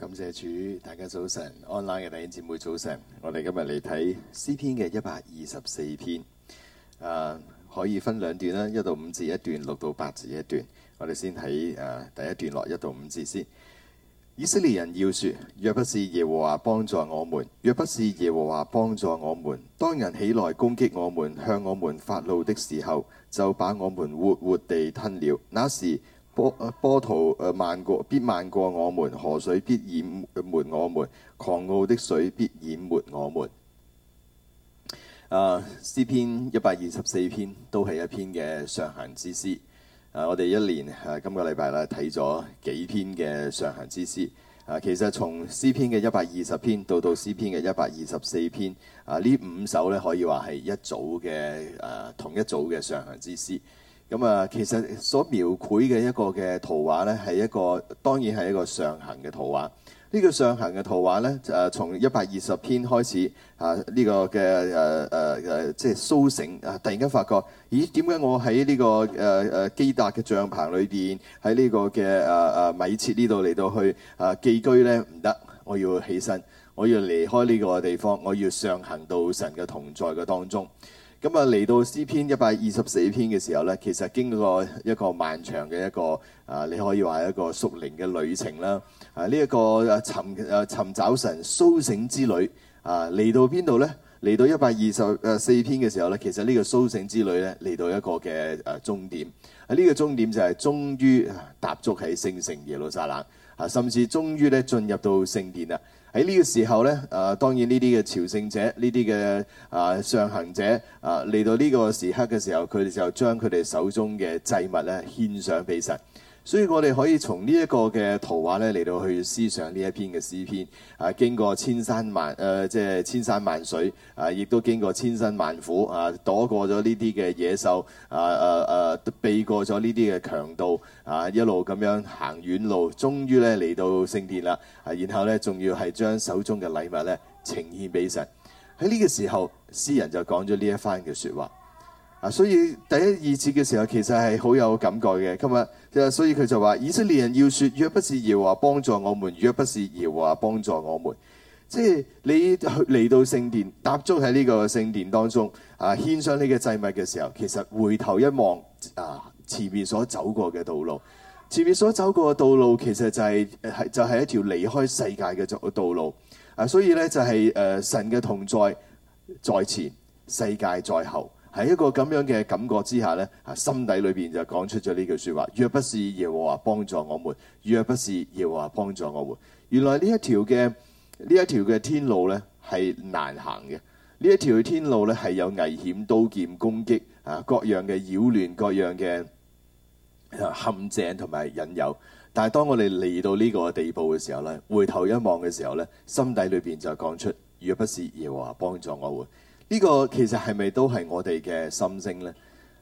感謝主，大家早晨，安拉嘅弟兄姊妹早晨。我哋今日嚟睇詩篇嘅一百二十四篇，啊。可以分兩段啦，一到五節一段，六到八節一段。我哋先睇誒、啊、第一段落，一到五節先。以色列人要説：若不是耶和華幫助我們，若不是耶和華幫助我們，當人起來攻擊我們，向我們發怒的時候，就把我們活活地吞了。那時，波波濤誒，漫、呃、過必漫過我們，河水必淹沒我們，狂傲的水必淹沒我們。啊，詩篇一百二十四篇都係一篇嘅上行之詩。啊，我哋一年、啊、今個禮拜咧睇咗幾篇嘅上行之詩。啊，其實從詩篇嘅一百二十篇到到詩篇嘅一百二十四篇，啊呢五首咧可以話係一組嘅誒、啊，同一組嘅上行之詩。咁啊，其實所描繪嘅一個嘅圖畫呢，係一個當然係一個上行嘅圖畫。呢、這個上行嘅圖畫咧，誒、呃、從一百二十篇開始啊，呢、這個嘅誒誒即係甦醒啊！突然間發覺，咦？點解我喺呢、這個誒誒、啊、基達嘅帳棚裏邊，喺呢個嘅誒誒米設呢度嚟到去啊寄居呢？唔得，我要起身，我要離開呢個地方，我要上行到神嘅同在嘅當中。咁啊，嚟到詩篇一百二十四篇嘅時候咧，其實經過一個漫長嘅一個啊，你可以話一個屬靈嘅旅程啦。啊、這個，呢一個尋找神蘇醒之旅啊，嚟到邊度咧？嚟到一百二十誒四篇嘅時候咧，其實呢個蘇醒之旅咧，嚟到一個嘅誒終點。喺、這、呢個終點就係終於踏足喺聖城耶路撒冷啊，甚至終於咧進入到聖殿啊。喺呢個時候咧，誒、呃、當然呢啲嘅朝聖者，呢啲嘅啊上行者，啊、呃、嚟到呢個時刻嘅時候，佢哋就將佢哋手中嘅祭物咧獻上俾神。所以我哋可以從呢一個嘅圖畫咧嚟到去思想呢一篇嘅詩篇，啊經過千山萬誒、呃、即係千山萬水，啊亦都經過千辛萬苦，啊躲過咗呢啲嘅野獸啊誒誒、啊、避過咗呢啲嘅強盜啊一路咁樣行遠路，終於咧嚟到聖殿啦，啊然後咧仲要係將手中嘅禮物咧呈獻俾神。喺呢個時候，詩人就講咗呢一番嘅說話。啊，所以第一、二節嘅時候，其實係好有感覺嘅。今日即所以佢就話：以色列人要説，若不是耶和華幫助我們，若不是耶和華幫助我們，即係你去嚟到聖殿，踏足喺呢個聖殿當中，啊，獻上呢個祭物嘅時候，其實回頭一望啊，前面所走過嘅道路，前面所走過嘅道路其實就係、係啊、就係、係、一條離開世界嘅道路。啊，所以呢，就係、係、誒、啊、神嘅同在在前，世界在後。喺一個咁樣嘅感覺之下咧，心底裏邊就講出咗呢句説話：「若不是耶和華幫助我們，若不是耶和華幫助我們、啊，原來呢一條嘅呢一條嘅天路呢係難行嘅，呢一條天路呢係有危險、刀劍攻擊啊，各樣嘅擾亂、各樣嘅陷阱同埋引誘。但係當我哋嚟到呢個地步嘅時候呢，回頭一望嘅時候呢，心底裏邊就講出：「若不是耶和華幫助我們、啊。呢個其實係咪都係我哋嘅心聲呢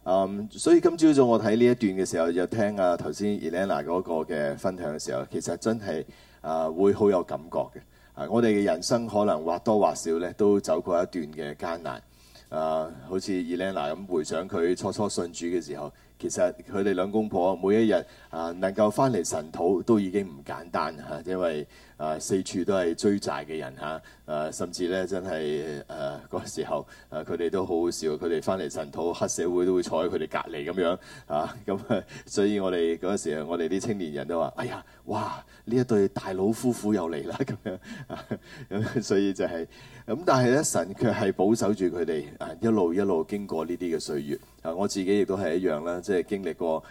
？Um, 所以今朝早我睇呢一段嘅時候，有聽啊頭先 Elena 嗰個嘅分享嘅時候，其實真係啊、uh, 會好有感覺嘅。啊、uh,，我哋嘅人生可能或多或少呢都走過一段嘅艱難。啊、uh,，好似 Elena 咁回想佢初初信主嘅時候。其實佢哋兩公婆每一日啊，能夠翻嚟神土都已經唔簡單嚇、啊，因為啊四處都係追債嘅人嚇，啊甚至咧真係誒嗰時候啊佢哋都好好笑，佢哋翻嚟神土黑社會都會坐喺佢哋隔離咁樣啊，咁、啊啊、所以我哋嗰陣時候我哋啲青年人都話：哎呀，哇！呢一對大佬夫婦又嚟啦咁樣，咁、啊啊啊、所以就係、是、咁、啊，但係咧神卻係保守住佢哋啊一路一路經過呢啲嘅歲月。啊，我自己亦都係一樣啦，即係經歷過誒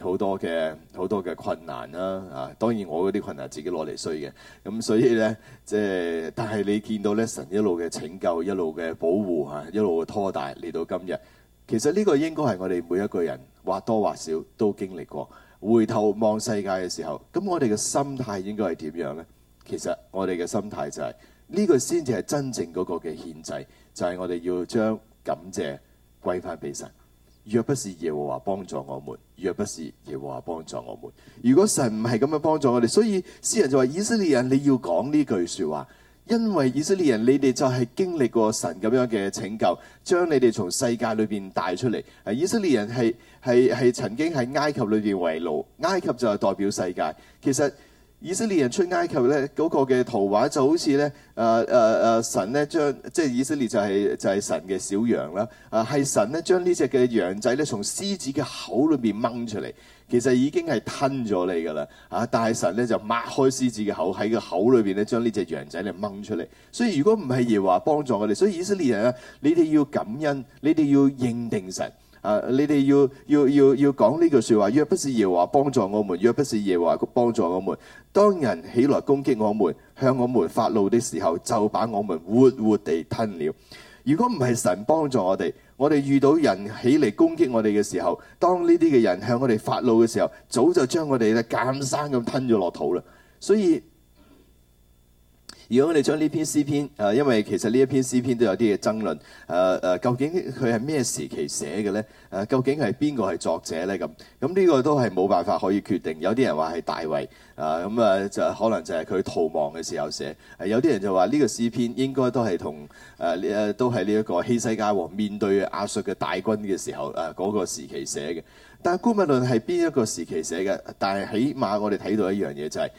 好、呃、多嘅好多嘅困難啦。啊，當然我嗰啲困難自己攞嚟衰嘅。咁所以呢，即係但係你見到咧，神一路嘅拯救，一路嘅保護啊，一路嘅拖大嚟到今日。其實呢個應該係我哋每一個人或多或少都經歷過。回頭望世界嘅時候，咁我哋嘅心態應該係點樣呢？其實我哋嘅心態就係、是、呢、呢個先至係真正嗰個嘅獻祭，就係、是、我哋要將感謝。歸翻俾神，若不是耶和華幫助我們，若不是耶和華幫助我們，如果神唔係咁樣幫助我哋。所以詩人就話以色列人，你要講呢句說話，因為以色列人你哋就係經歷過神咁樣嘅拯救，將你哋從世界裏邊帶出嚟。誒，以色列人係係係曾經喺埃及裏邊為奴，埃及就係代表世界，其實。以色列人出埃及咧，嗰個嘅圖畫就好似咧，誒誒誒，神咧，將即係以色列就係就係神嘅小羊啦，啊，係神咧，將呢隻嘅羊仔咧，從獅子嘅口裏邊掹出嚟，其實已經係吞咗你噶啦啊！但係神咧，就擘開獅子嘅口，喺個口裏邊咧，將呢隻羊仔嚟掹出嚟，所以如果唔係耶華幫助我哋，所以以色列人啊，你哋要感恩，你哋要認定神。啊！Uh, 你哋要要要要講呢句説話，若不是耶和華幫助我們，若不是耶和華幫助我們，當人起來攻擊我們，向我們發怒的時候，就把我們活活地吞了。如果唔係神幫助我哋，我哋遇到人起嚟攻擊我哋嘅時候，當呢啲嘅人向我哋發怒嘅時候，早就將我哋咧生山咁吞咗落肚啦。所以，如果我哋將呢篇詩篇，啊，因為其實呢一篇詩篇都有啲嘅爭論，誒、啊、誒，究竟佢係咩時期寫嘅咧？誒、啊，究竟係邊個係作者咧？咁咁呢個都係冇辦法可以決定。有啲人話係大衛，啊，咁、嗯、啊就可能就係佢逃亡嘅時候寫、啊。有啲人就話呢個詩篇應該都係同誒誒、啊、都係呢一個希西家王面對亞述嘅大軍嘅時候誒嗰、啊那個時期寫嘅。但係，姑勿論係邊一個時期寫嘅，但係起碼我哋睇到一樣嘢就係、是。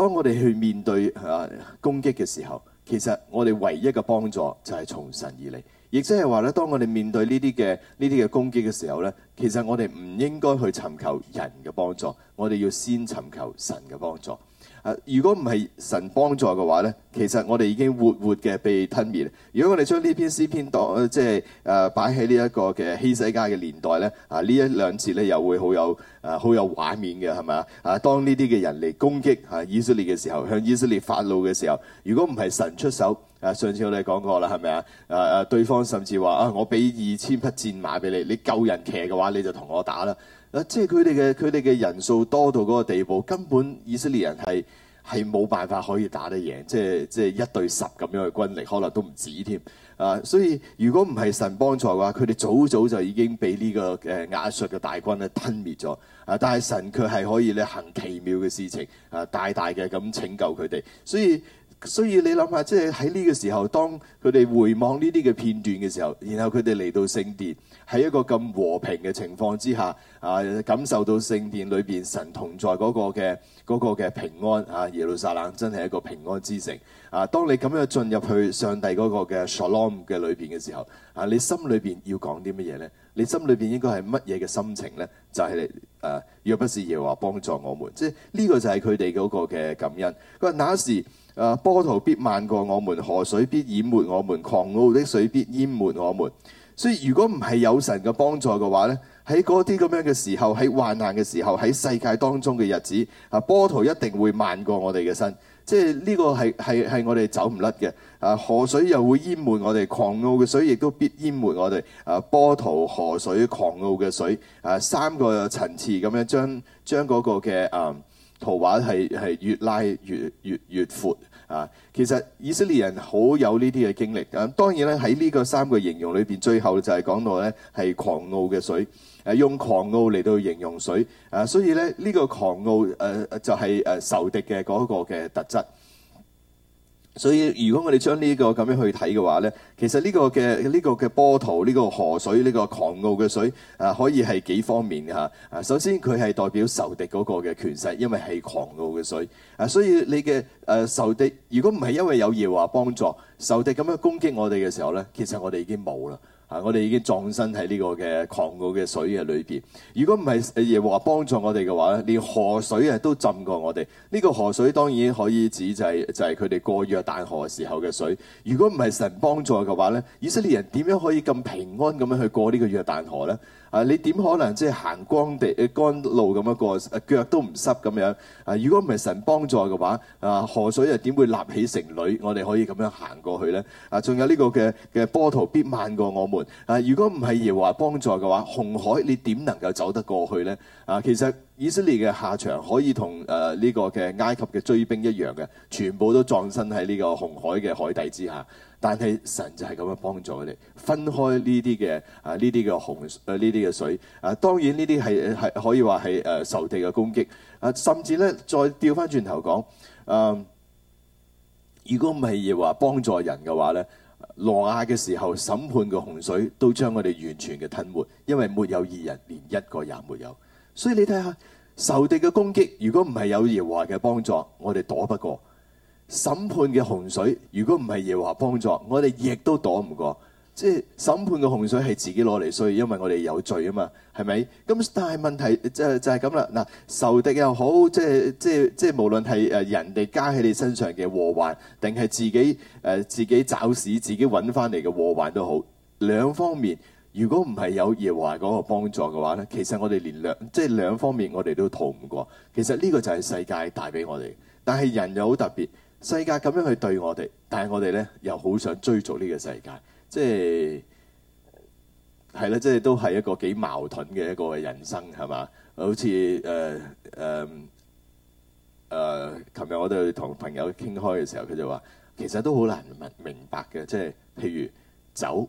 當我哋去面對啊攻擊嘅時候，其實我哋唯一嘅幫助就係從神而嚟，亦即係話咧，當我哋面對呢啲嘅呢啲嘅攻擊嘅時候咧，其實我哋唔應該去尋求人嘅幫助，我哋要先尋求神嘅幫助。啊！如果唔係神幫助嘅話咧，其實我哋已經活活嘅被吞滅。如果我哋將呢篇詩篇當、呃、即係誒擺喺呢一個嘅希西家嘅年代咧，啊呢一兩次咧又會好有誒好、啊、有畫面嘅係咪？啊，當呢啲嘅人嚟攻擊啊以色列嘅時候，向以色列發怒嘅時候，如果唔係神出手。誒上次我哋講過啦，係咪啊？誒誒，對方甚至話啊，我俾二千匹戰馬俾你，你救人騎嘅話，你就同我打啦。啊，即係佢哋嘅佢哋嘅人數多到嗰個地步，根本以色列人係係冇辦法可以打得贏。即係即係一對十咁樣嘅軍力，可能都唔止添。啊，所以如果唔係神幫助嘅話，佢哋早早就已經俾呢個誒亞述嘅大軍咧吞滅咗。啊，但係神佢係可以咧行奇妙嘅事情，誒、啊、大大嘅咁拯救佢哋。所以。所以你諗下，即係喺呢個時候，當佢哋回望呢啲嘅片段嘅時候，然後佢哋嚟到聖殿，喺一個咁和平嘅情況之下，啊，感受到聖殿裏邊神同在嗰個嘅嗰個嘅平安啊，耶路撒冷真係一個平安之城啊！當你咁樣進入去上帝嗰個嘅 Shalom 嘅裏邊嘅時候，啊，你心裏邊要講啲乜嘢咧？你心裏邊應該係乜嘢嘅心情呢？就係、是、誒、啊，若不是耶和華幫助我們，即係呢、這個就係佢哋嗰個嘅感恩。佢話：那時誒、啊、波濤必漫過我們，河水必淹沒我們，狂傲的水必淹沒我們。所以如果唔係有神嘅幫助嘅話呢，喺嗰啲咁樣嘅時候，喺患難嘅時候，喺世界當中嘅日子，啊波濤一定會漫過我哋嘅身。即係呢個係係係我哋走唔甩嘅，啊河水又會淹沒我哋，狂傲嘅水亦都必淹沒我哋，啊，波濤、河水、狂傲嘅水，啊三個層次咁樣將將嗰個嘅啊圖畫係係越拉越越越，越闊。啊，其實以色列人好有呢啲嘅經歷。咁、啊、當然咧，喺呢個三個形容裏邊，最後就係講到咧係狂傲嘅水，誒、啊、用狂傲嚟到形容水。啊，所以咧呢、呢個狂傲誒、呃、就係、係、誒、呃、仇敵嘅嗰個嘅特質。所以如果我哋將呢個咁樣去睇嘅話咧，其實呢個嘅呢、呢個嘅波濤，呢、呢個河水，呢、呢個狂傲嘅水，啊，可以係幾方面嘅啊，首先佢係代表仇敵嗰個嘅權勢，因為係狂傲嘅水。啊，所以你嘅誒、呃、仇敵，如果唔係因為有耶和華幫助，仇敵咁樣攻擊我哋嘅時候咧，其實我哋已經冇啦。啊！我哋已經葬身喺呢個嘅狂傲嘅水嘅裏邊。如果唔係耶和華幫助我哋嘅話咧，連河水啊都浸過我哋。呢、這個河水當然可以指就係、是、就係佢哋過約旦河嘅時候嘅水。如果唔係神幫助嘅話咧，以色列人點樣可以咁平安咁樣去過個呢個約旦河咧？啊！你點可能即係行乾地、乾路咁樣過？腳都唔濕咁樣。啊！如果唔係神幫助嘅話，啊河水又點會立起成壘？我哋可以咁樣行過去咧。啊！仲有呢個嘅嘅波濤必漫過我們。啊！如果唔係耶和華幫助嘅話，紅海你點能夠走得過去咧？啊！其實。以色列嘅下場可以同誒呢個嘅埃及嘅追兵一樣嘅，全部都葬身喺呢個紅海嘅海底之下。但係神就係咁樣幫助我哋，分開呢啲嘅啊呢啲嘅紅誒呢啲嘅水啊、呃。當然呢啲係係可以話係誒受地嘅攻擊啊、呃。甚至咧再調返轉頭講，嗯、呃，如果唔係要話幫助人嘅話咧，羅亞嘅時候審判嘅洪水都將我哋完全嘅吞沒，因為沒有義人，連一個也沒有。所以你睇下。仇敵嘅攻擊，如果唔係有耶和華嘅幫助，我哋躲不過；審判嘅洪水，如果唔係耶和華幫助，我哋亦都躲唔過。即係審判嘅洪水係自己攞嚟衰，所以因為我哋有罪啊嘛，係咪？咁但係問題就就係咁啦。嗱，仇敵又好，即係即係即係無論係誒人哋加喺你身上嘅禍患，定係自己誒、呃、自己找死、自己揾翻嚟嘅禍患都好，兩方面。如果唔係有耶和華嗰個幫助嘅話咧，其實我哋連兩即係兩方面我哋都逃唔過。其實呢個就係世界帶俾我哋，但係人又好特別。世界咁樣去對我哋，但係我哋咧又好想追逐呢個世界。即係係啦，即係都係一個幾矛盾嘅一個人生，係嘛？好似誒誒誒，琴、呃、日、呃呃、我哋同朋友傾開嘅時候，佢就話其實都好難明明白嘅。即係譬如酒。走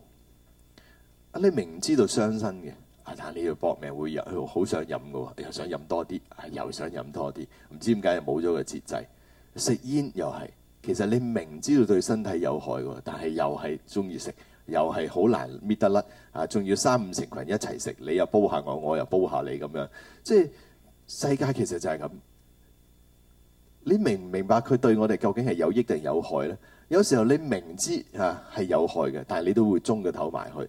你明知道傷身嘅，但係你要搏命會有好想飲嘅喎，又想飲多啲，又想飲多啲。唔知點解又冇咗個節制。食煙又係，其實你明知道對身體有害嘅，但係又係中意食，又係好難搣得甩啊！仲要三五成群一齊食，你又煲下我，我又煲下你咁樣。即係世界其實就係咁。你明唔明白佢對我哋究竟係有益定有害咧？有時候你明知嚇係、啊、有害嘅，但係你都會中個頭埋去。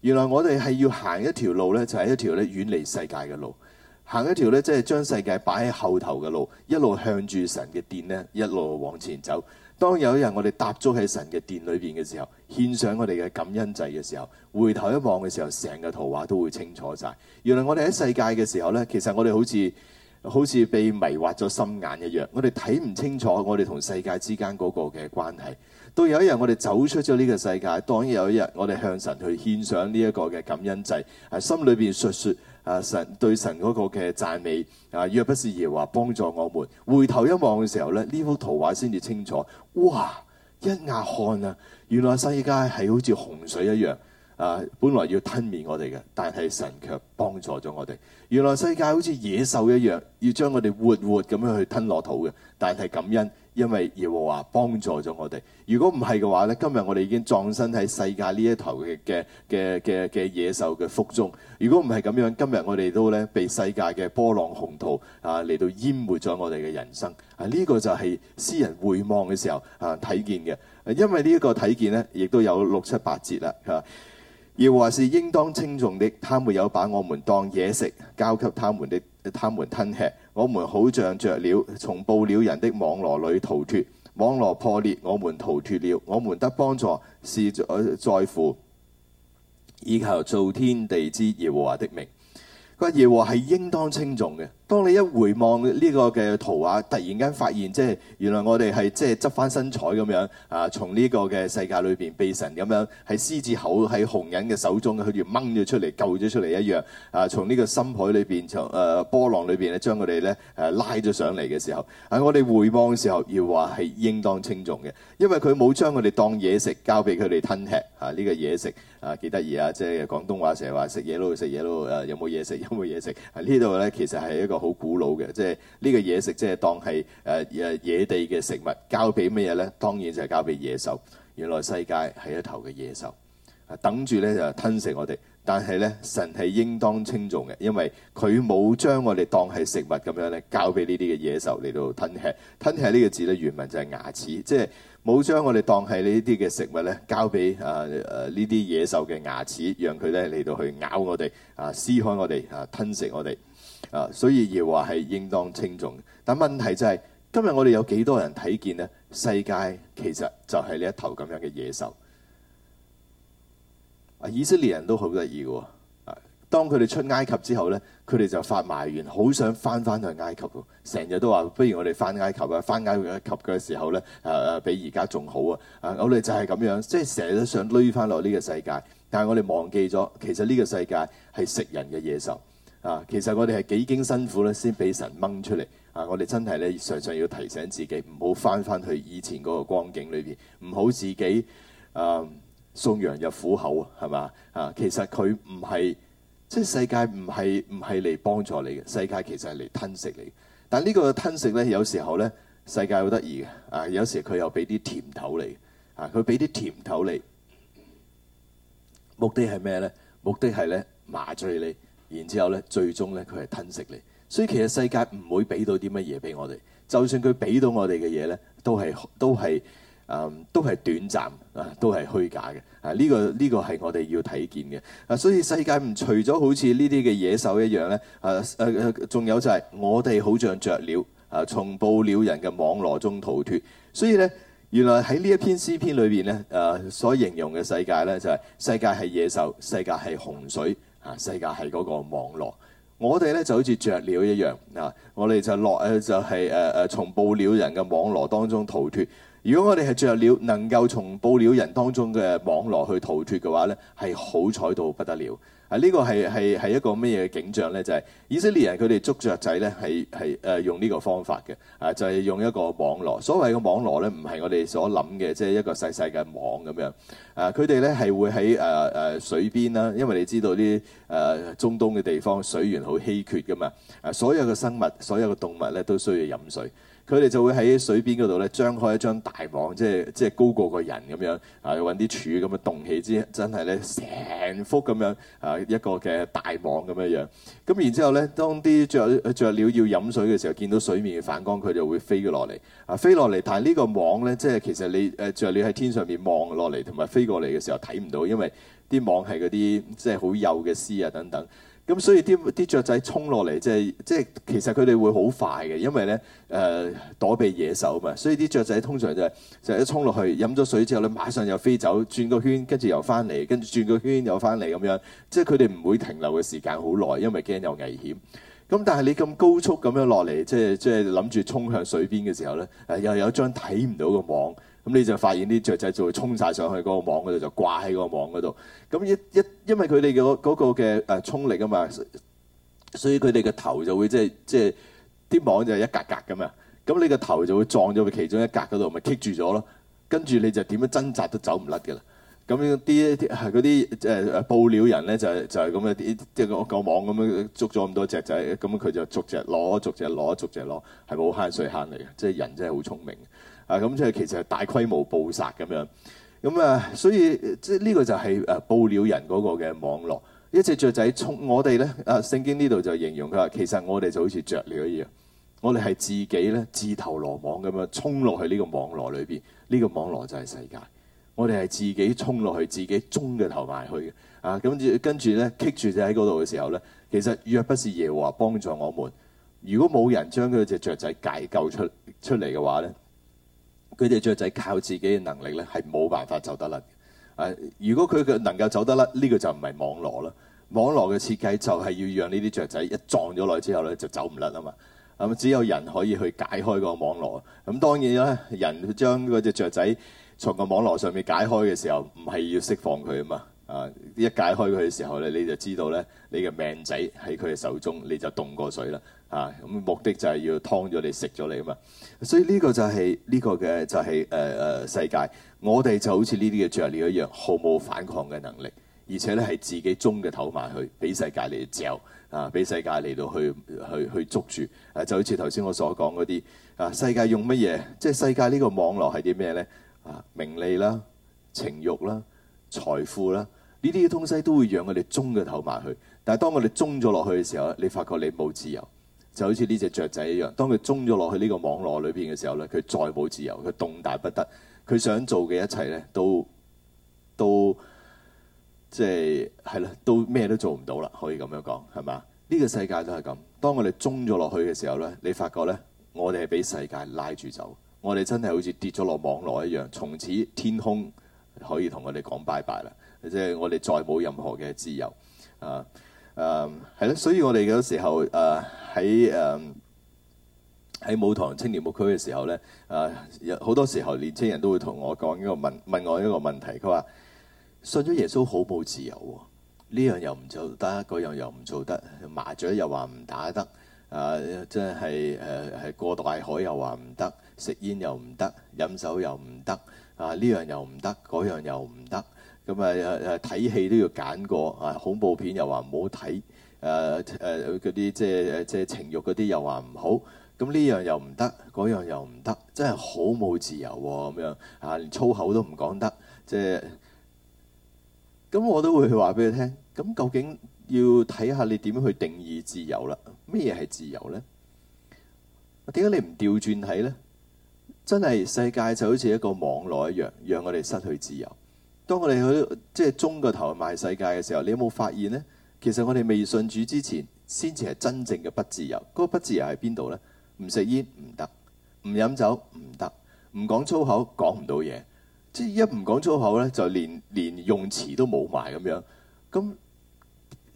原來我哋係要行一條路呢就係一條咧遠離世界嘅路，行一條呢，即係將世界擺喺後頭嘅路，一路向住神嘅殿呢一路往前走。當有一日我哋踏足喺神嘅殿裏邊嘅時候，獻上我哋嘅感恩祭嘅時候，回頭一望嘅時候，成個圖畫都會清楚晒。原來我哋喺世界嘅時候呢，其實我哋好似好似被迷惑咗心眼一樣，我哋睇唔清楚我哋同世界之間嗰個嘅關係。到有一日我哋走出咗呢個世界，當然有一日我哋向神去獻上呢一個嘅感恩祭，啊心裏邊述說啊神對神嗰個嘅讚美啊，若不是耶和華幫助我們，回頭一望嘅時候咧，呢幅圖畫先至清楚，哇一壓汗啊，原來世界係好似洪水一樣啊，本來要吞滅我哋嘅，但係神卻幫助咗我哋。原來世界好似野獸一樣，要將我哋活活咁樣去吞落肚嘅，但係感恩。因為耶和華幫助咗我哋，如果唔係嘅話呢，今日我哋已經葬身喺世界呢一頭嘅嘅嘅嘅嘅野獸嘅腹中。如果唔係咁樣，今日我哋都呢被世界嘅波浪洪濤啊嚟到淹沒咗我哋嘅人生。啊，呢、這個就係私人回望嘅時候啊睇見嘅、啊。因為呢一個睇見呢亦都有六七八節啦。啊，耶和華是應當稱頌的，他們有把我們當野食交給他們的，他們吞吃。我們好像着了從捕鳥人的網羅裏逃脫，網羅破裂，我們逃脫了。我們得幫助是在乎以求造天地之耶和華的名。佢話耶和華係應當稱重嘅。當你一回望呢個嘅圖畫，突然間發現即係原來我哋係即係執翻身彩咁樣啊！從呢個嘅世界裏邊被神咁樣喺獅子口喺紅人嘅手中佢哋掹咗出嚟，救咗出嚟一樣啊！從呢個深海裏邊從誒、呃、波浪裏邊咧將佢哋咧誒拉咗上嚟嘅時候，喺、啊、我哋回望嘅時候要話係應當稱頌嘅，因為佢冇將佢哋當野食交俾佢哋吞吃。嚇，呢個野食啊，幾得意啊！這個、啊即係廣東話成日話食嘢囉，食嘢囉，誒有冇嘢食，有冇嘢食啊，呢度咧其實係一個。好古老嘅，即係呢、這個嘢食即係，即係當係誒誒野地嘅食物，交俾咩嘢咧？當然就係交俾野獸。原來世界係一頭嘅野獸、啊，等住咧就吞食我哋。但係咧，神係應當稱頌嘅，因為佢冇將我哋當係食物咁樣咧，交俾呢啲嘅野獸嚟到吞吃。吞吃呢個字咧，原文就係牙齒，即係冇將我哋當係呢啲嘅食物咧，交俾啊誒呢啲野獸嘅牙齒，讓佢咧嚟到去咬我哋啊，撕開我哋啊，吞食我哋。啊啊啊啊啊啊，所以而話係應當輕重。但問題就係、是、今日我哋有幾多人睇見咧？世界其實就係呢一頭咁樣嘅野獸。啊，以色列人都好得意嘅喎。啊，當佢哋出埃及之後呢，佢哋就發埋怨，好想翻返去埃及。成日都話，不如我哋翻埃及啊，翻埃及嘅時候呢，誒、啊、誒，比而家仲好啊。啊，我哋就係咁樣，即係成日都想推翻落呢個世界。但係我哋忘記咗，其實呢個世界係食人嘅野獸。啊，其實我哋係幾經辛苦咧，先俾神掹出嚟。啊，我哋真係咧，常常要提醒自己，唔好返返去以前嗰個光景裏邊，唔好自己啊送羊入虎口啊，係嘛啊？其實佢唔係，即係世界唔係唔係嚟幫助你嘅，世界其實係嚟吞食你。但呢個吞食咧，有時候咧，世界好得意嘅啊，有時佢又俾啲甜頭你啊，佢俾啲甜頭你，目的係咩咧？目的係咧麻醉你。然之後咧，最終咧，佢係吞食你。所以其實世界唔會俾到啲乜嘢俾我哋。就算佢俾到我哋嘅嘢咧，都係都係誒，都係短暫啊，都係虛假嘅啊。呢、這個呢、這個係我哋要睇見嘅啊。所以世界唔除咗好似呢啲嘅野獸一樣咧，誒誒誒，仲、啊啊、有就係我哋好像雀鳥啊，從捕鳥人嘅網羅中逃脱。所以咧，原來喺呢一篇詩篇裏邊咧，誒、啊、所形容嘅世界咧，就係、是、世界係野獸，世界係洪水。啊！世界係嗰個網絡，我哋咧就好似雀鳥一樣啊！我哋就落誒，就係誒誒，從捕鳥人嘅網絡當中逃脫。如果我哋係雀鳥，能夠從捕鳥人當中嘅網絡去逃脫嘅話咧，係好彩到不得了。啊！呢個係係係一個咩嘢景象咧？就係以色列人佢哋捉雀仔咧，係係誒用呢個方法嘅。啊，就係用一個網羅。所謂嘅網羅咧，唔係我哋所諗嘅，即係一個細細嘅網咁樣。啊，佢哋咧係會喺誒誒水邊啦，因為你知道啲誒中東嘅地方水源好稀缺㗎嘛。啊，所有嘅生物、所有嘅動物咧都需要飲水。佢哋就會喺水邊嗰度咧張開一張大網，即係即係高過個人咁樣，啊搵啲柱咁樣棟起之，真係咧成幅咁樣啊一個嘅大網咁樣樣。咁然之後咧，當啲雀雀鳥要飲水嘅時候，見到水面嘅反光，佢就會飛咗落嚟，啊飛落嚟。但係呢個網咧，即係其實你誒雀鳥喺天上面望落嚟同埋飛過嚟嘅時候睇唔到，因為啲網係嗰啲即係好幼嘅絲啊等等。咁所以啲啲雀仔衝落嚟，即係即係其實佢哋會好快嘅，因為咧誒、呃、躲避野獸嘛，所以啲雀仔通常就係、是、就係、是、一衝落去飲咗水之後咧，馬上又飛走，轉個圈，跟住又翻嚟，跟住轉個圈又翻嚟咁樣，即係佢哋唔會停留嘅時間好耐，因為驚有危險。咁但係你咁高速咁樣落嚟，即係即係諗住衝向水邊嘅時候咧，又有張睇唔到嘅網。咁你就發現啲雀仔就會衝晒上去嗰個網嗰度，就掛喺嗰個網嗰度。咁一一因為佢哋個嗰個嘅誒衝力啊嘛，所以佢哋嘅頭就會即係即係啲網就係一格格咁啊。咁你個頭就會撞咗佢其中一格嗰度，咪棘住咗咯。跟住你就點樣掙扎都走唔甩嘅啦。咁啲啲係嗰啲誒捕鳥人咧，就就係咁樣即係個個網咁樣捉咗咁多雀仔，咁佢就逐隻攞，逐隻攞，逐隻攞，係冇好慳水慳嚟啊？即係人真係好聰明。啊，咁即係其實係大規模捕殺咁樣，咁啊，所以即係呢個就係、是、誒、啊、報料人嗰個嘅網絡。一隻雀仔衝，我哋咧啊聖經呢度就形容佢話，其實我哋就好似雀鳥一樣，我哋係自己咧自投羅網咁樣衝落去呢個網絡裏邊。呢、這個網絡就係世界，我哋係自己衝落去，自己中嘅頭埋去嘅。啊，咁、啊啊啊、跟呢住咧棘住就喺嗰度嘅時候咧，其實若不是耶和華幫助我們，如果冇人將佢隻雀仔解救出出嚟嘅話咧。佢哋雀仔靠自己嘅能力咧，係冇辦法走得甩嘅啊。如果佢嘅能夠走得甩，呢、這個就唔係網絡啦。網絡嘅設計就係要讓呢啲雀仔一撞咗落之後咧，就走唔甩啊嘛。咁、啊、只有人可以去解開個網絡。咁、啊、當然啦，人將嗰隻雀仔從個網絡上面解開嘅時候，唔係要釋放佢啊嘛。啊！一解開佢嘅時候咧，你就知道咧，你嘅命仔喺佢嘅手中，你就凍過水啦！啊、啊、咁目的就係要劏咗你，食咗你啊嘛！所以呢個就係、係、呢、呢個嘅就係誒誒世界，我哋就好似呢啲嘅雀鳥一樣，毫無反抗嘅能力，而且咧係自己中嘅頭埋去俾世界嚟嚼啊！俾世界嚟到去去去捉住啊！就好似頭先我所講嗰啲啊，世界用乜嘢？即、就、係、係、世界呢個網絡係啲咩咧？啊，名利啦、情慾啦、財富啦。呢啲嘅東西都會讓我哋中個頭埋去，但係當我哋中咗落去嘅時候，你發覺你冇自由，就好似呢隻雀仔一樣。當佢中咗落去呢個網絡裏邊嘅時候咧，佢再冇自由，佢動彈不得，佢想做嘅一切呢，都都即係係啦，都咩都做唔到啦。可以咁樣講係嘛？呢個世界都係咁。當我哋中咗落去嘅時候呢，你發覺呢，我哋係俾世界拉住走，我哋真係好似跌咗落網絡一樣，從此天空可以同我哋講拜拜啦。即係我哋再冇任何嘅自由啊！誒係咯，所以我哋有時候誒喺誒喺舞堂青年牧區嘅時候咧誒，好多時候年青人都會同我講一個問問我一個問題，佢話信咗耶穌好冇自由喎，呢樣又唔做得，嗰樣又唔做得，麻雀又話唔打得啊！即係誒係過大海又話唔得，食煙又唔得，飲酒又唔得啊！呢樣又唔得，嗰樣又唔得。咁啊誒睇戲都要揀過啊，恐怖片又話唔好睇，誒誒嗰啲即係即係情慾嗰啲又話唔好，咁呢樣又唔得，嗰樣又唔得，真係好冇自由喎、哦、咁樣啊！連粗口都唔講得，即係咁我都會話俾你聽。咁究竟要睇下你點樣去定義自由啦？咩嘢係自由咧？點解你唔調轉睇咧？真係世界就好似一個網絡一樣，讓我哋失去自由。當我哋去即係鍾個頭賣世界嘅時候，你有冇發現呢？其實我哋未信主之前，先至係真正嘅不自由。嗰、那個不自由喺邊度呢？唔食煙唔得，唔飲酒唔得，唔講粗口講唔到嘢，即係一唔講粗口咧，就連連用詞都冇埋咁樣。咁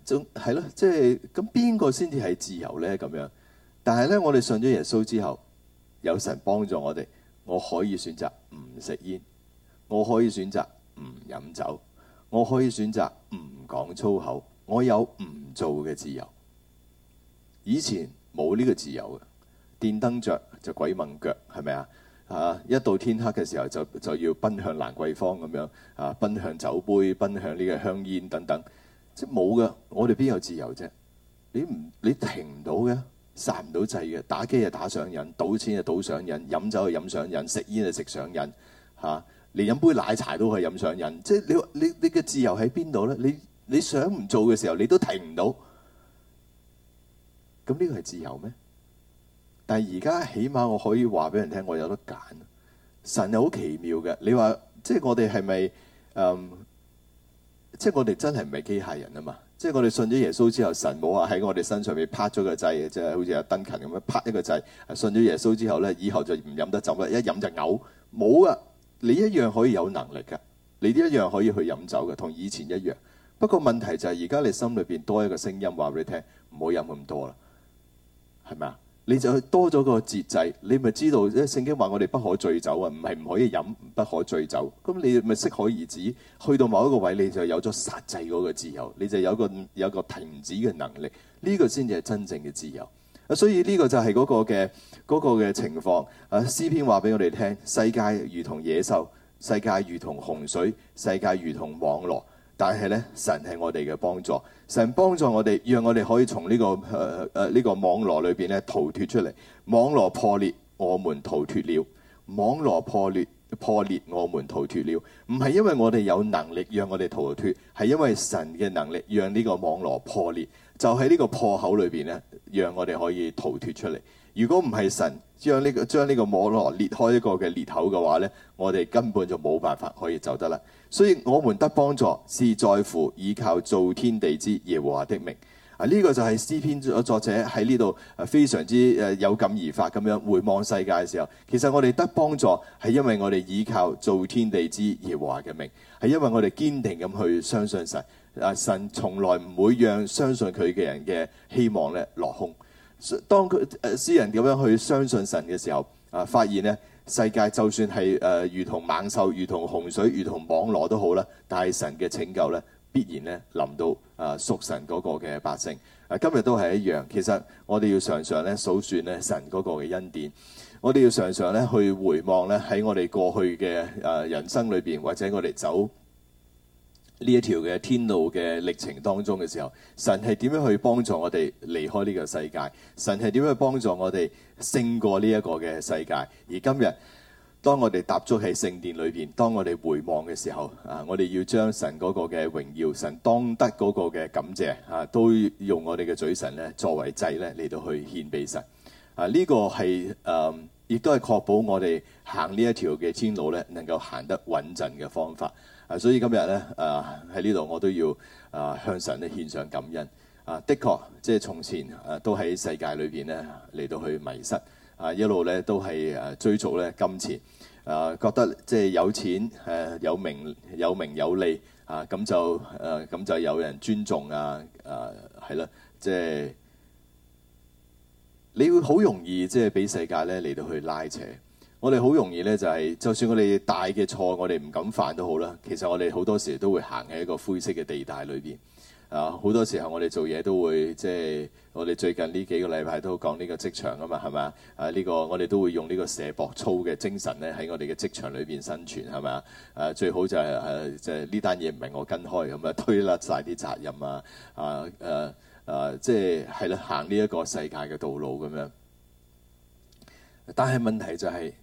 就係、是、咯，即係咁邊個先至係自由呢？咁樣。但係呢，我哋信咗耶穌之後，有神幫助我哋，我可以選擇唔食煙，我可以選擇。唔飲酒，我可以選擇唔講粗口，我有唔做嘅自由。以前冇呢個自由嘅，電燈着就鬼問腳，係咪啊？啊，一到天黑嘅時候就就要奔向蘭桂坊咁樣啊，奔向酒杯，奔向呢個香煙等等，即冇㗎。我哋邊有自由啫？你唔你停唔到嘅，殺唔到掣嘅，打機又打上癮，賭錢又賭上癮，飲酒又飲上癮，食煙又食上癮，嚇、啊。你飲杯奶茶都係飲上癮，即係你你你嘅自由喺邊度咧？你你想唔做嘅時候，你都停唔到。咁呢個係自由咩？但係而家起碼我可以話俾人聽，我有得揀。神係好奇妙嘅，你話即係我哋係咪嗯？即係我哋真係唔係機械人啊嘛！即係我哋信咗耶穌之後，神冇話喺我哋身上面拍咗個掣嘅，即係好似阿登勤咁樣拍一個掣。信咗耶穌之後咧，以後就唔飲得酒啦，一飲就嘔，冇啊！你一樣可以有能力噶，你一樣可以去飲酒噶，同以前一樣。不過問題就係而家你心裏邊多一個聲音話俾你聽，唔好飲咁多啦，係咪啊？你就多咗個節制，你咪知道。聖經話我哋不可醉酒啊，唔係唔可以飲，不可醉酒。咁你咪適可而止，去到某一個位你就有咗實際嗰個自由，你就有一個有一個停止嘅能力。呢個先至係真正嘅自由。所以呢個就係嗰個嘅嗰個嘅情況。誒、啊、詩篇話俾我哋聽：世界如同野獸，世界如同洪水，世界如同網羅。但係呢，神係我哋嘅幫助，神幫助我哋，讓我哋可以從呢、呢個誒誒呢個網羅裏邊咧逃脫出嚟。網羅破裂，我們逃脫了；網羅破裂，破裂，我們逃脫了。唔係因為我哋有能力讓我哋逃脫，係因為神嘅能力讓呢個網羅破裂。就喺呢個破口裏邊呢，讓我哋可以逃脫出嚟。如果唔係神將呢、這個將呢個網羅裂，裂開一個嘅裂口嘅話呢，我哋根本就冇辦法可以走得啦。所以我們得幫助是在乎倚靠造天地之耶和華的名。啊，呢、這個就係詩篇作者喺呢度非常之有感而發咁樣回望世界嘅時候，其實我哋得幫助係因為我哋倚靠造天地之耶和華嘅名，係因為我哋堅定咁去相信神。啊！神從來唔會讓相信佢嘅人嘅希望咧落空。當佢誒、啊、詩人咁樣去相信神嘅時候，啊發現咧世界就算係誒、啊、如同猛獸、如同洪水、如同網羅都好啦，但係神嘅拯救咧必然咧臨到啊屬神嗰個嘅百姓。啊今日都係一樣。其實我哋要常常咧數算咧神嗰個嘅恩典，我哋要常常咧去回望咧喺我哋過去嘅誒人生裏面，或者我哋走，呢一條嘅天路嘅歷程當中嘅時候，神係點樣去幫助我哋離開呢個世界？神係點樣幫助我哋勝過呢一個嘅世界？而今日當我哋踏足喺聖殿裏邊，當我哋回望嘅時候，啊，我哋要將神嗰個嘅榮耀、神當得嗰個嘅感謝，啊，都用我哋嘅嘴唇咧作為祭咧嚟到去獻俾神。啊，呢、呢個係誒、呃，亦都係確保我哋行呢一條嘅天路咧，能夠行得穩陣嘅方法。啊、所以今日咧，誒喺呢度我都要啊向上咧獻上感恩。啊，的確即係從前誒、啊、都喺世界裏邊咧嚟到去迷失。啊，一路咧都係誒追逐咧金錢。啊，覺得即係有錢誒、啊、有名有名有利啊，咁就誒咁、啊、就有人尊重啊。誒、啊、係啦，即係你會好容易即係俾世界咧嚟到去拉扯。我哋好容易呢，就係就算我哋大嘅錯，我哋唔敢犯都好啦。其實我哋好多時都會行喺一個灰色嘅地帶裏邊啊！好多時候我哋做嘢都會即係、就是、我哋最近呢幾個禮拜都講呢個職場啊嘛，係咪？啊？呢、這個我哋都會用呢個卸膊操嘅精神呢，喺我哋嘅職場裏邊生存係咪？啊？最好就係、是、誒，即係呢單嘢唔係我跟開咁啊，推甩晒啲責任啊啊誒啊！即係係啦，行呢一個世界嘅道路咁樣。但係問題就係、是。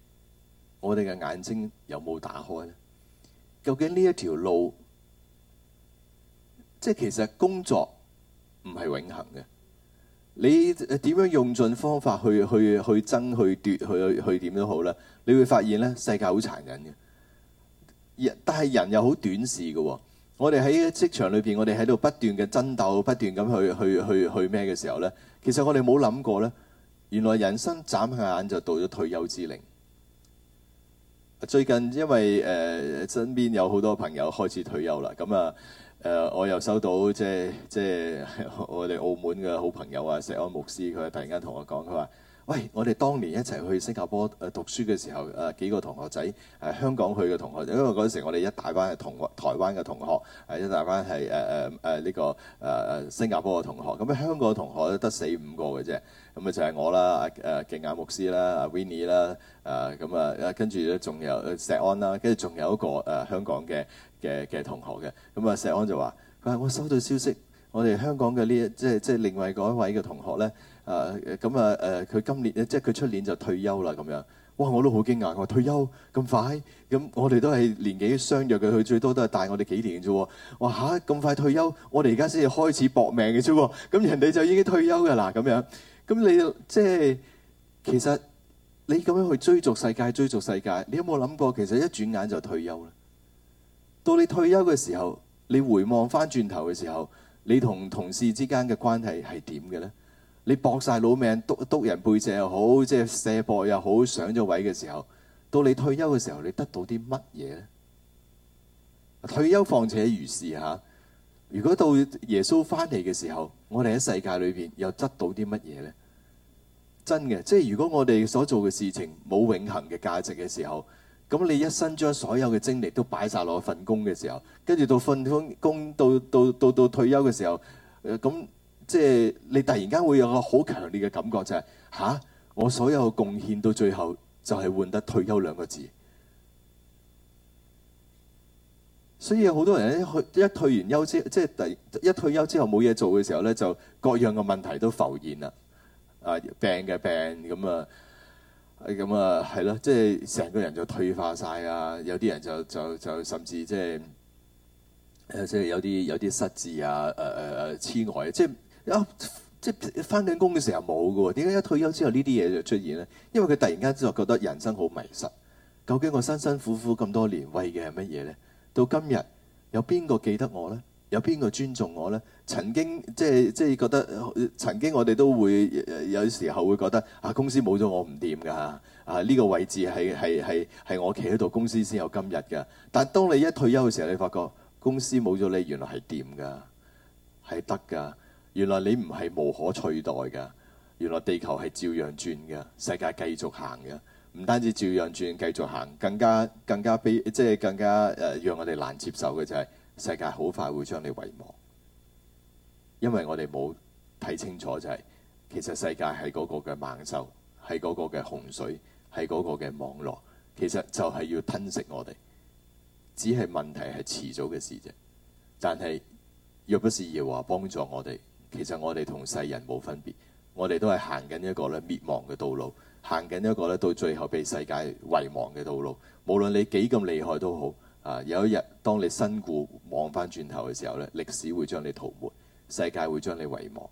我哋嘅眼睛有冇打開咧？究竟呢一條路，即係其實工作唔係永恆嘅。你點樣用盡方法去去去爭去奪去去點都好啦，你會發現咧，世界好殘忍嘅。但係人又好短視嘅。我哋喺職場裏邊，我哋喺度不斷嘅爭鬥，不斷咁去去去去咩嘅時候咧？其實我哋冇諗過咧，原來人生眨下眼就到咗退休之齡。最近因為誒、呃、身邊有好多朋友開始退休啦，咁啊誒我又收到即係即係我哋澳門嘅好朋友啊石安牧師，佢突然間同我講，佢話。喂，我哋當年一齊去新加坡誒讀書嘅時候，誒幾個同學仔誒香港去嘅同學，因為嗰時我哋一大班係同台灣嘅同學係一大班係誒誒誒呢個誒誒新加坡嘅同學，咁啊香港嘅同學得四五個嘅啫，咁啊就係我啦，阿誒勁眼牧師啦，阿 Winnie 啦，誒咁啊，啊，跟住咧仲有石安啦，啊，跟住仲有一個誒香港嘅嘅嘅同學嘅，咁啊石安就話，佢話我收到消息，我哋香港嘅呢即係即係另外嗰一位嘅同學咧。誒咁啊！誒佢今年咧，即係佢出年就退休啦咁樣。哇！我都好驚訝，我話退休咁快，咁我哋都係年紀相若嘅，佢最多都係大我哋幾年啫喎。哇嚇！咁快退休，我哋而家先至開始搏命嘅啫喎。咁人哋就已經退休㗎啦，咁樣。咁你即係其實你咁樣去追逐世界、追逐世界，你有冇諗過其實一轉眼就退休啦？到你退休嘅時候，你回望翻轉頭嘅時候，你同同事之間嘅關係係點嘅咧？你搏晒老命，篤篤人背脊又好，即係卸膊又好，上咗位嘅時候，到你退休嘅時候，你得到啲乜嘢呢？退休況且如是嚇。如果到耶穌翻嚟嘅時候，我哋喺世界裏邊又得到啲乜嘢呢？真嘅，即係如果我哋所做嘅事情冇永恆嘅價值嘅時候，咁你一生將所有嘅精力都擺晒落去份工嘅時候，跟住到份工到到到到，到退休嘅時候，咁、呃。即係你突然間會有個好強烈嘅感覺，就是，就係吓我所有貢獻到最後就係換得退休兩個字。所以有好多人一退完休之即係突一退休之後冇嘢做嘅時候咧，就各樣嘅問題都浮現啦。啊病嘅病咁啊，咁啊係咯、啊，即係成個人就退化晒啊。有啲人就就就甚至即係即係有啲有啲失智啊誒誒誒癡呆，呃呃、即係。啊！即係返緊工嘅時候冇嘅喎，點解一退休之後呢啲嘢就出現呢？因為佢突然間之後覺得人生好迷失，究竟我辛辛苦苦咁多年為嘅係乜嘢呢？到今日有邊個記得我呢？有邊個尊重我呢？曾經即係即係覺得曾經我哋都會有時候會覺得啊，公司冇咗我唔掂㗎啊！呢個位置係係係我企喺度，公司先有今日㗎。但係當你一退休嘅時候，你發覺公司冇咗你，原來係掂㗎，係得㗎。原來你唔係無可取代嘅，原來地球係照樣轉嘅，世界繼續行嘅，唔單止照樣轉繼續行，更加更加悲，即係更加誒、呃，讓我哋難接受嘅就係、是、世界好快會將你遺忘，因為我哋冇睇清楚、就是，就係其實世界係嗰個嘅猛獸，係嗰個嘅洪水，係嗰個嘅網絡，其實就係要吞食我哋，只係問題係遲早嘅事啫。但係若不是耶和華幫助我哋，其實我哋同世人冇分別，我哋都係行緊一個咧滅亡嘅道路，行緊一個咧到最後被世界遺忘嘅道路。無論你幾咁厲害都好，啊有一日當你身故望翻轉頭嘅時候咧，歷史會將你塗抹，世界會將你遺忘，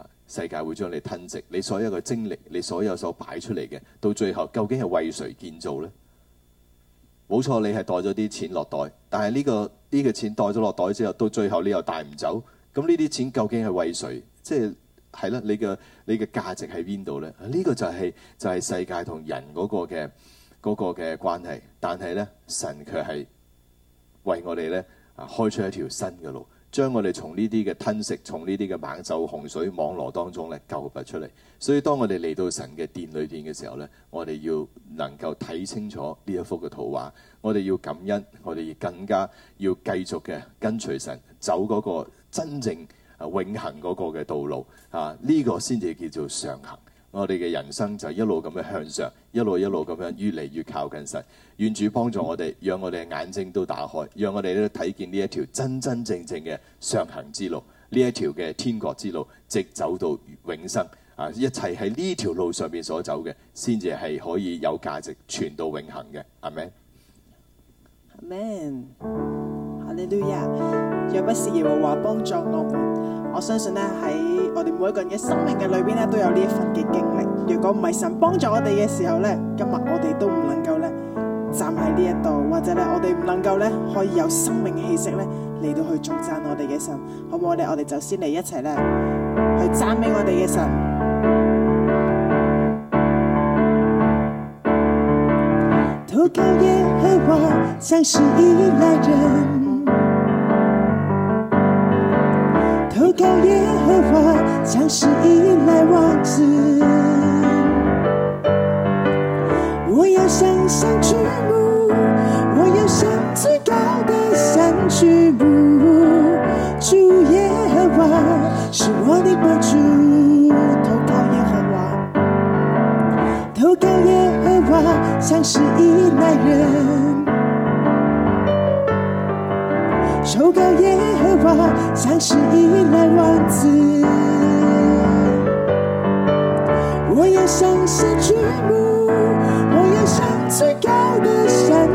啊世界會將你吞噬。你所有嘅精力，你所有所擺出嚟嘅，到最後究竟係為誰建造呢？冇錯，你係袋咗啲錢落袋，但係呢個呢個錢袋咗落袋之後，到最後你又帶唔走。咁呢啲錢究竟係為誰？即係係啦，你嘅你嘅價值喺邊度咧？呢個就係就係世界同人嗰個嘅嗰個嘅關係。但係咧，神佢係為我哋咧啊，開出一條新嘅路，將我哋從呢啲嘅吞食、從呢啲嘅猛獸洪水網絡當中咧救拔出嚟。所以當我哋嚟到神嘅殿裏邊嘅時候咧，我哋要能夠睇清楚呢一幅嘅圖畫。我哋要感恩，我哋要更加要繼續嘅跟隨神走嗰個真正啊永恒嗰個嘅道路啊，呢個先至叫做上行。我哋嘅人生就一路咁樣向上，一路一路咁樣越嚟越靠近神。願主幫助我哋，讓我哋嘅眼睛都打開，讓我哋都睇見呢一條真真正正嘅上行之路，呢一條嘅天國之路，直走到永生啊！一切喺呢條路上面所走嘅，先至係可以有價值，傳到永恒嘅。阿門。阿門。你都要，若不是耶和華幫助我們，我相信咧喺我哋每一個人嘅生命嘅裏邊咧都有呢一份嘅經歷。如果唔係神幫助我哋嘅時候咧，今日我哋都唔能夠咧站喺呢一度，或者咧我哋唔能夠咧可以有生命嘅氣息咧嚟到去頌讚我哋嘅神，好唔好咧？我哋就先嚟一齊咧去讚美我哋嘅神。投靠耶和華，暫時依賴人。投靠耶和華，像是依賴王子。我要向上舉目，我要向最高的山舉目。主耶和華是我的幫助，投靠耶和華，投靠耶和華，像是依賴人。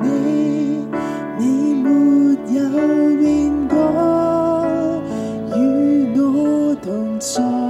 你，你沒有變改，與我同在。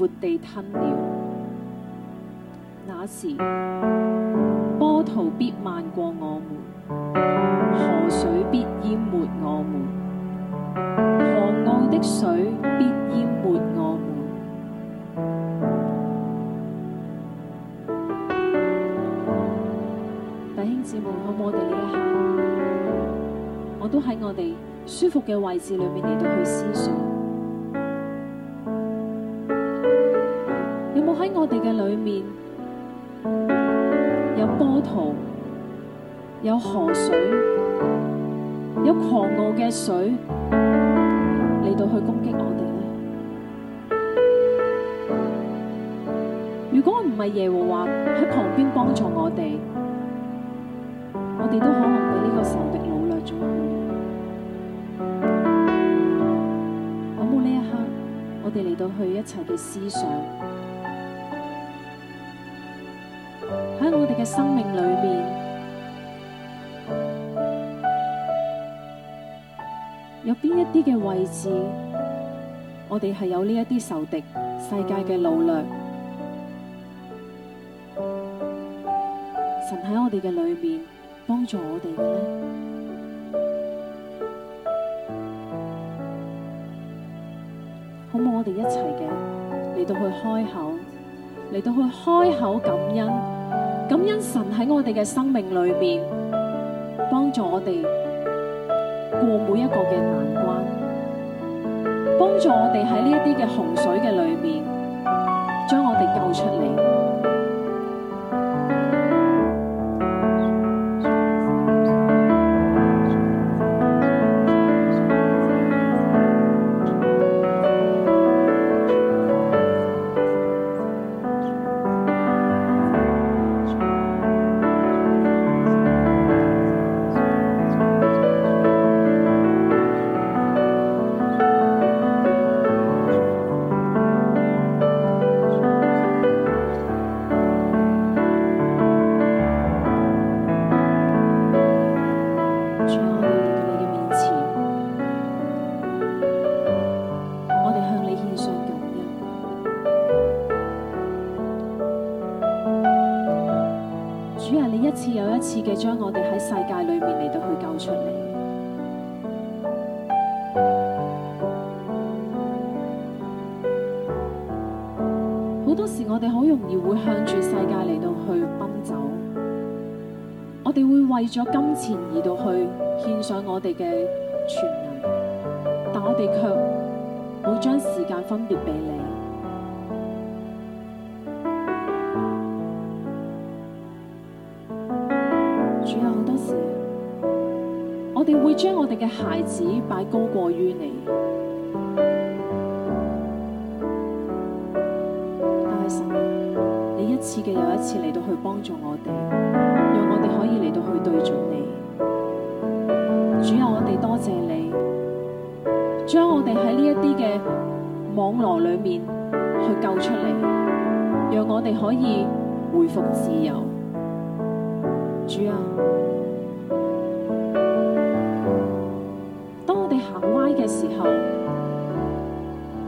活地吞了。那時，波濤必漫過我們，河水必淹沒我們，河岸的水必淹沒我們。弟兄姊妹，我我哋呢一刻，我都喺我哋舒服嘅位置裏面嚟到去思想。有波濤，有河水，有狂傲嘅水嚟到去攻擊我哋呢？如果唔係耶和華喺旁邊幫助我哋，我哋都可能俾呢個神敵擄掠咗去。我冇呢一刻，我哋嚟到去一齊嘅思想。嘅生命裏面，有邊一啲嘅位置，我哋係有呢一啲仇敵世界嘅努力，神喺我哋嘅裏面幫助我哋嘅呢？好，好唔好我哋一齊嘅嚟到去開口，嚟到去開口感恩？感恩神喺我哋嘅生命裏面幫助我哋過每一個嘅難關，幫助我哋喺呢一啲嘅洪水嘅裏面將我哋救出嚟。前移到去獻上我哋嘅全人，但我哋卻會將時間分別俾你。主要有好多時，我哋會將我哋嘅孩子擺高過於你。大神，你一次嘅又一次嚟到去幫助我哋，讓我哋可以嚟到去對住。網絡裏面去救出嚟，讓我哋可以恢復自由。主啊，當我哋行歪嘅時候，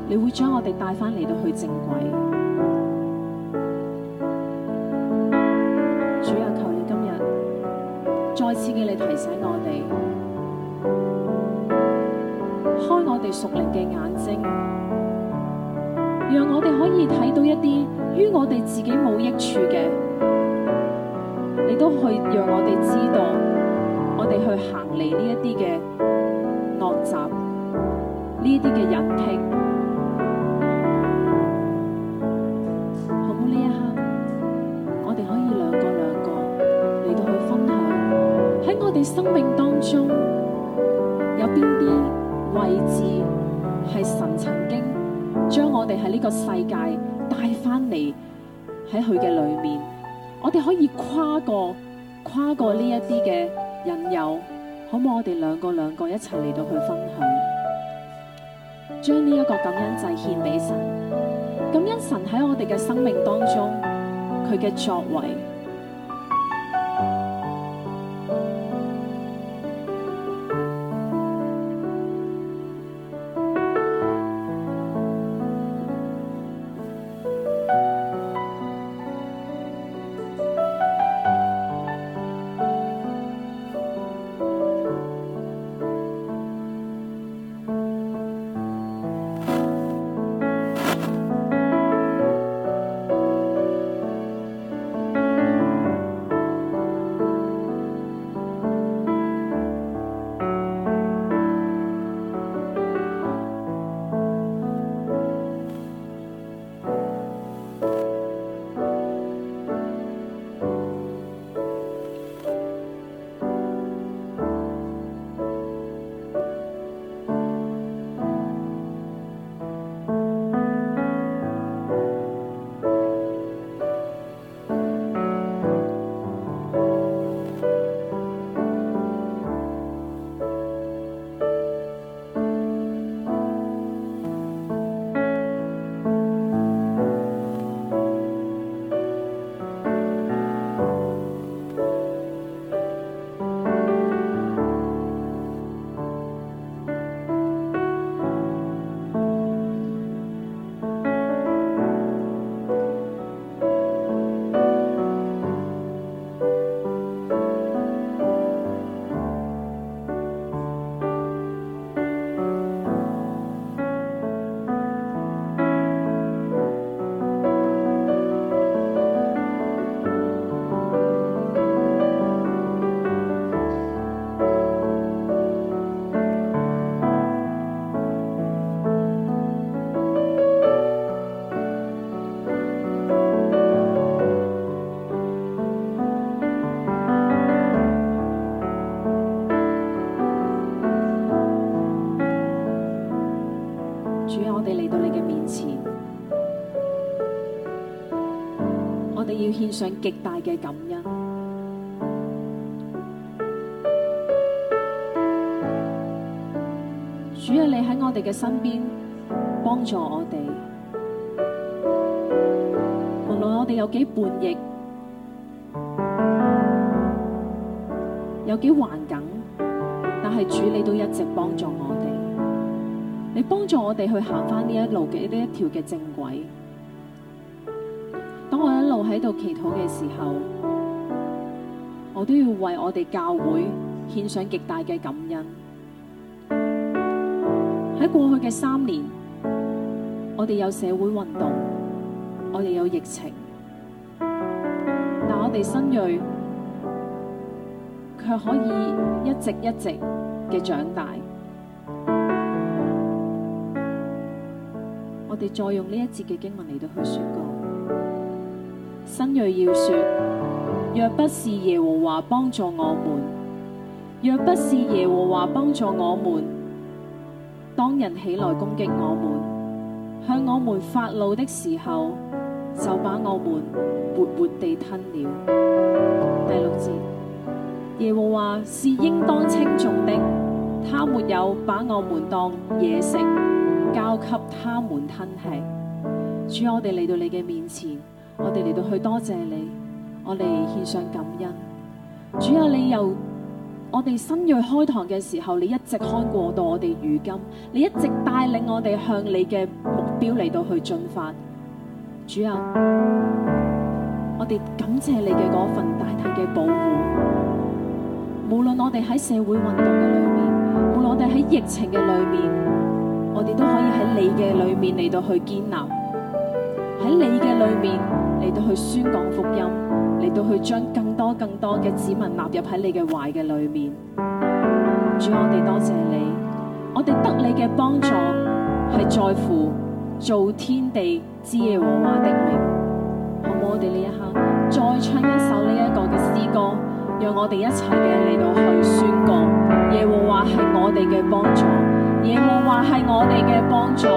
你會將我哋帶翻嚟到去正軌。主啊，求你今日再次嘅你提醒我哋，開我哋屬靈嘅眼睛。讓我哋可以睇到一啲於我哋自己冇益處嘅，你都去讓我哋知道，我哋去行離呢一啲嘅惡習，呢啲嘅引聘。好，呢一刻，我哋可以兩個兩個嚟到去分享，喺我哋生命當中有邊啲位置係神曾經。將我哋喺呢個世界帶翻嚟，喺佢嘅裏面，我哋可以跨過跨過呢一啲嘅引誘，可唔可以我哋兩個兩個一齊嚟到去分享，將呢一個感恩祭獻俾神，感恩神喺我哋嘅生命當中佢嘅作為。上極大嘅感恩，主啊，你喺我哋嘅身邊幫助我哋，無論我哋有幾叛逆，有幾頑梗，但係主你都一直幫助我哋，你幫助我哋去行翻呢一路嘅呢一條嘅正軌。我一路喺度祈禱嘅時候，我都要為我哋教會獻上極大嘅感恩。喺過去嘅三年，我哋有社會運動，我哋有疫情，但我哋新銳卻可以一直一直嘅長大。我哋再用呢一節嘅經文嚟到去說。新銳要說：若不是耶和華幫助我們，若不是耶和華幫助我們，當人起來攻擊我們，向我們發怒的時候，就把我們活活地吞了。第六節：耶和華是應當稱頌的，他沒有把我們當野食交給他們吞吃。主，我哋嚟到你嘅面前。我哋嚟到去多謝你，我哋獻上感恩。主啊，你由我哋新銳開堂嘅時候，你一直看過到我哋如今，你一直帶領我哋向你嘅目標嚟到去進發。主啊，我哋感謝你嘅嗰份大體嘅保護。無論我哋喺社會運動嘅裏面，無論我哋喺疫情嘅裏面，我哋都可以喺你嘅裏面嚟到去建立喺你嘅裏面。嚟到去宣講福音，嚟到去將更多更多嘅子民納入喺你嘅懷嘅裏面。主，我哋多謝，謝你，我哋得你嘅幫助係在乎造天地之耶和華的名。好唔好？我哋呢一刻再唱一首呢一個嘅詩歌，讓我哋一齊嘅嚟到去宣講耶和華係我哋嘅幫助，耶和華係我哋嘅幫助。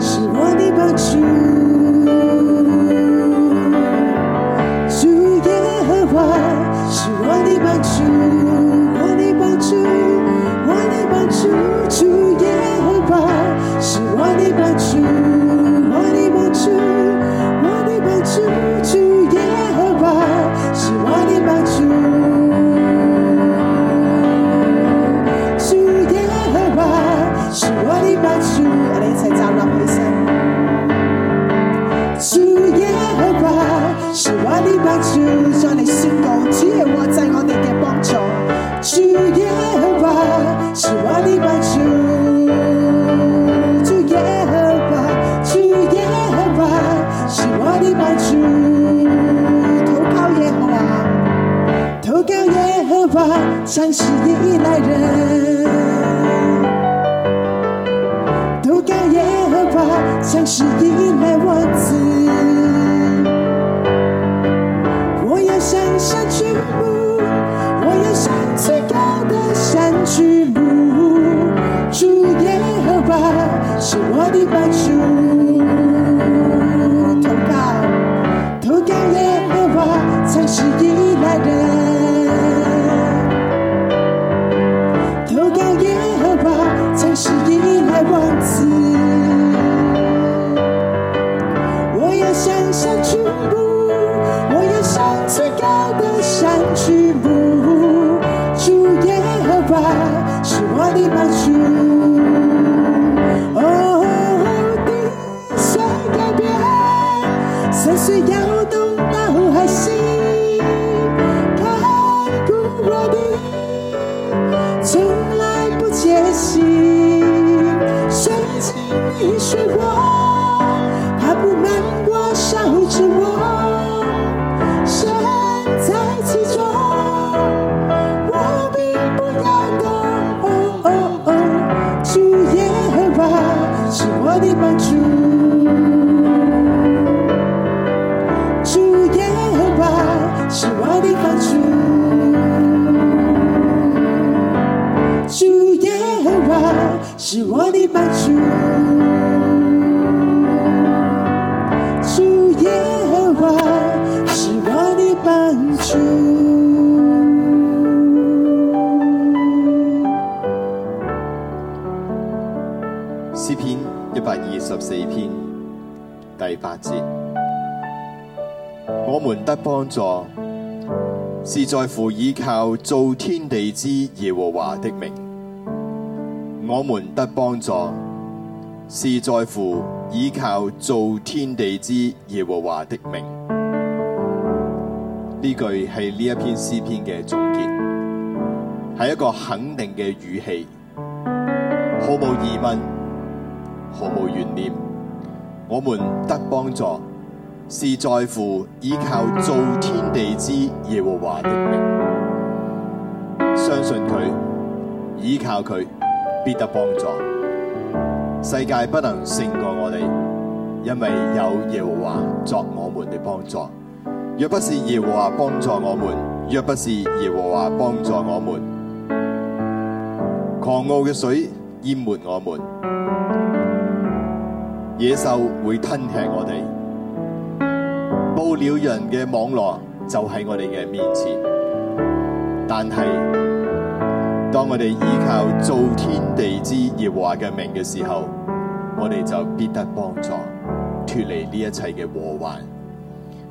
希望你保持。在乎倚靠造天地之耶和華的名，我們得幫助。是在乎倚靠造天地之耶和華的名。呢句係呢一篇詩篇嘅總結，係一個肯定嘅語氣，毫無疑問，毫無懸念，我們得幫助。是在乎依靠造天地之耶和華的名，相信佢，依靠佢，必得幫助。世界不能勝過我哋，因為有耶和華作我們的幫助。若不是耶和華幫助我們，若不是耶和華幫助我們，狂傲嘅水淹沒我們，野獸會吞吃我哋。捕鳥人嘅網羅就喺我哋嘅面前，但係當我哋依靠造天地之耶和華嘅名嘅時候，我哋就必得幫助脫離呢一切嘅禍患。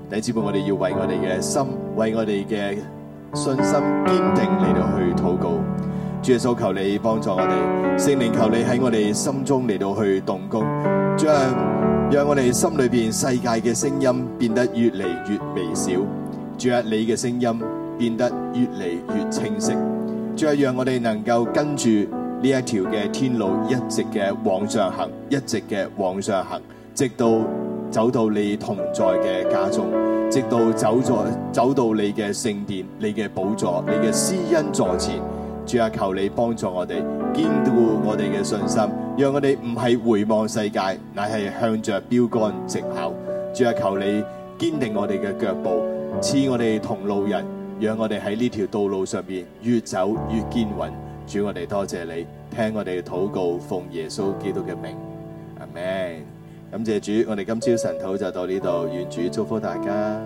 弟兄姊妹，我哋要為我哋嘅心，為我哋嘅信心堅定嚟到去禱告。主耶穌，求你幫助我哋，聖靈，求你喺我哋心中嚟到去動工，將。讓我哋心裏邊世界嘅聲音變得越嚟越微小，主啊，你嘅聲音變得越嚟越清晰，主啊，讓我哋能夠跟住呢一條嘅天路，一直嘅往上行，一直嘅往上行，直到走到你同在嘅家中，直到走在走到你嘅聖殿、你嘅寶座、你嘅施恩座前。主啊，求你幫助我哋，堅固我哋嘅信心，讓我哋唔係回望世界，乃係向着標杆直跑。主啊，求你堅定我哋嘅腳步，賜我哋同路人，讓我哋喺呢條道路上面越走越堅穩。主，我哋多謝你，聽我哋禱告，奉耶穌基督嘅名，阿門。感謝主，我哋今朝晨禱就到呢度，願主祝福大家。